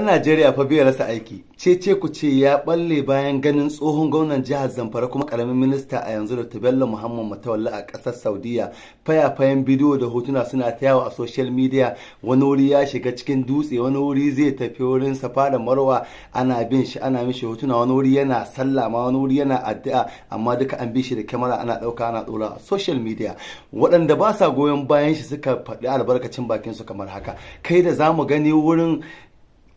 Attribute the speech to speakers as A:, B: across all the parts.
A: Ɗan Najeriya fa bai rasa aiki, ce ce ku ce ya balle bayan ganin tsohon gwamnan jihar Zamfara kuma karamin minista a yanzu da Bello Muhammad Matawalla a ƙasar Saudiya. Fayafayen bidiyo da hotuna suna ta yawo a social media wani wuri ya shiga cikin dutse wani wuri zai tafi wurin safa marwa ana bin shi ana mishi hotuna wani wuri yana sallah ma wani wuri yana addu'a amma duka an bi shi da kyamara ana ɗauka ana ɗora a social media. Waɗanda ba sa goyon bayan shi suka faɗi albarkacin bakin su kamar haka. Kai da za mu gani wurin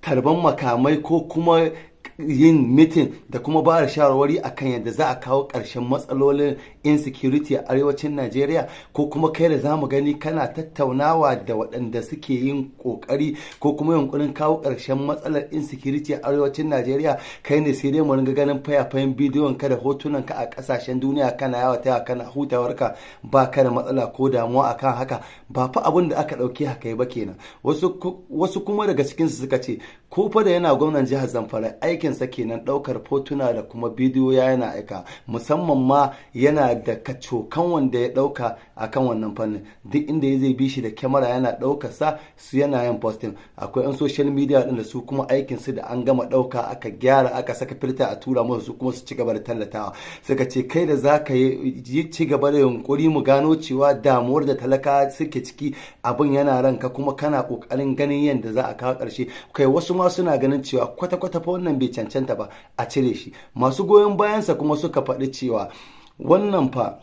A: karban makamai ko kuma yin mitin da kuma ba da shawarwari akan yadda za a kawo ƙarshen matsalolin insecurity a arewacin Najeriya ko kuma kai da zamu gani kana tattaunawa da waɗanda suke yin kokari ko kuma yunkurin kawo ƙarshen matsalar insecurity a arewacin Najeriya kai ne sai dai mu ringa ganin fayafayen bidiyon ka da hotunan ka a ƙasashen duniya kana yawa ta kana hutawar ka ba ka da matsala ko damuwa akan haka ba fa abin da aka ɗauke haka ba kenan wasu kuma daga cikin su suka ce ko fa da yana gwamnan jihar Zamfara aikinsa kenan ɗaukar hotuna da kuma bidiyo yana aika musamman ma yana daga da kacokan wanda ya dauka a kan wannan fannin duk inda ya zai bi shi da kyamara yana dauka sa su yana yin posting akwai yan social media waɗanda su kuma aikin su da an gama dauka aka gyara aka saka filta a tura musu su kuma su ci gaba da tallatawa suka ce kai da za ka yi ci gaba da yunkuri mu gano cewa damuwar da talaka suke ciki abin yana ranka kuma kana kokarin ganin yadda za a kawo karshe kai wasu ma suna ganin cewa kwata-kwata fa wannan bai cancanta ba a cire shi masu goyon bayansa kuma suka faɗi cewa wannan fa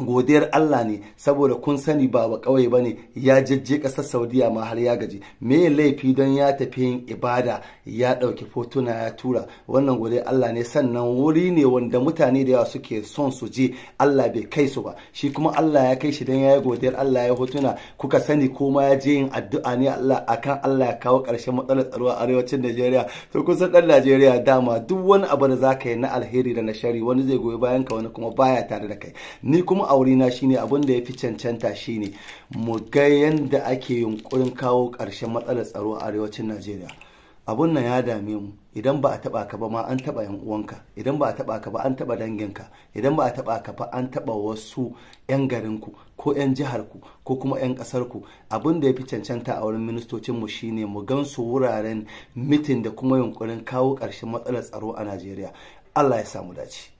A: godiyar Allah ne saboda kun sani ba ba kawai ba ne ya jajje ƙasar saudiya ma har ya gaji me laifi don ya tafi yin ibada ya ɗauki fotuna ya tura wannan godiyar Allah ne sannan wuri ne wanda mutane da yawa suke son su je Allah bai kai su ba shi kuma Allah ya kai shi don ya yi godiyar Allah ya hotuna kuka sani koma ya je yin addu'a ne Allah akan Allah ya kawo karshen matsalar tsaro a arewacin Najeriya to kusan ɗan Najeriya dama duk wani abu da za ka yi na alheri da na shari wani zai goyi bayan ka wani kuma baya tare da kai ni kuma aure na shine abin da ya fi cancanta shine mu ga yadda ake yunkurin kawo karshen matsalar tsaro a arewacin najeriya abun nan ya dame mu idan ba a taba ka ba ma an taba yan uwanka idan ba a taba ka ba an taba danginka idan ba a taba ka ba an taba wasu yan garinku ko yan jiharku ko kuma yan kasarku abin da ya fi cancanta a wurin ministocin mu shine mu gan su wuraren mitin da kuma yunkurin kawo karshen matsalar tsaro a Najeriya Allah ya samu dace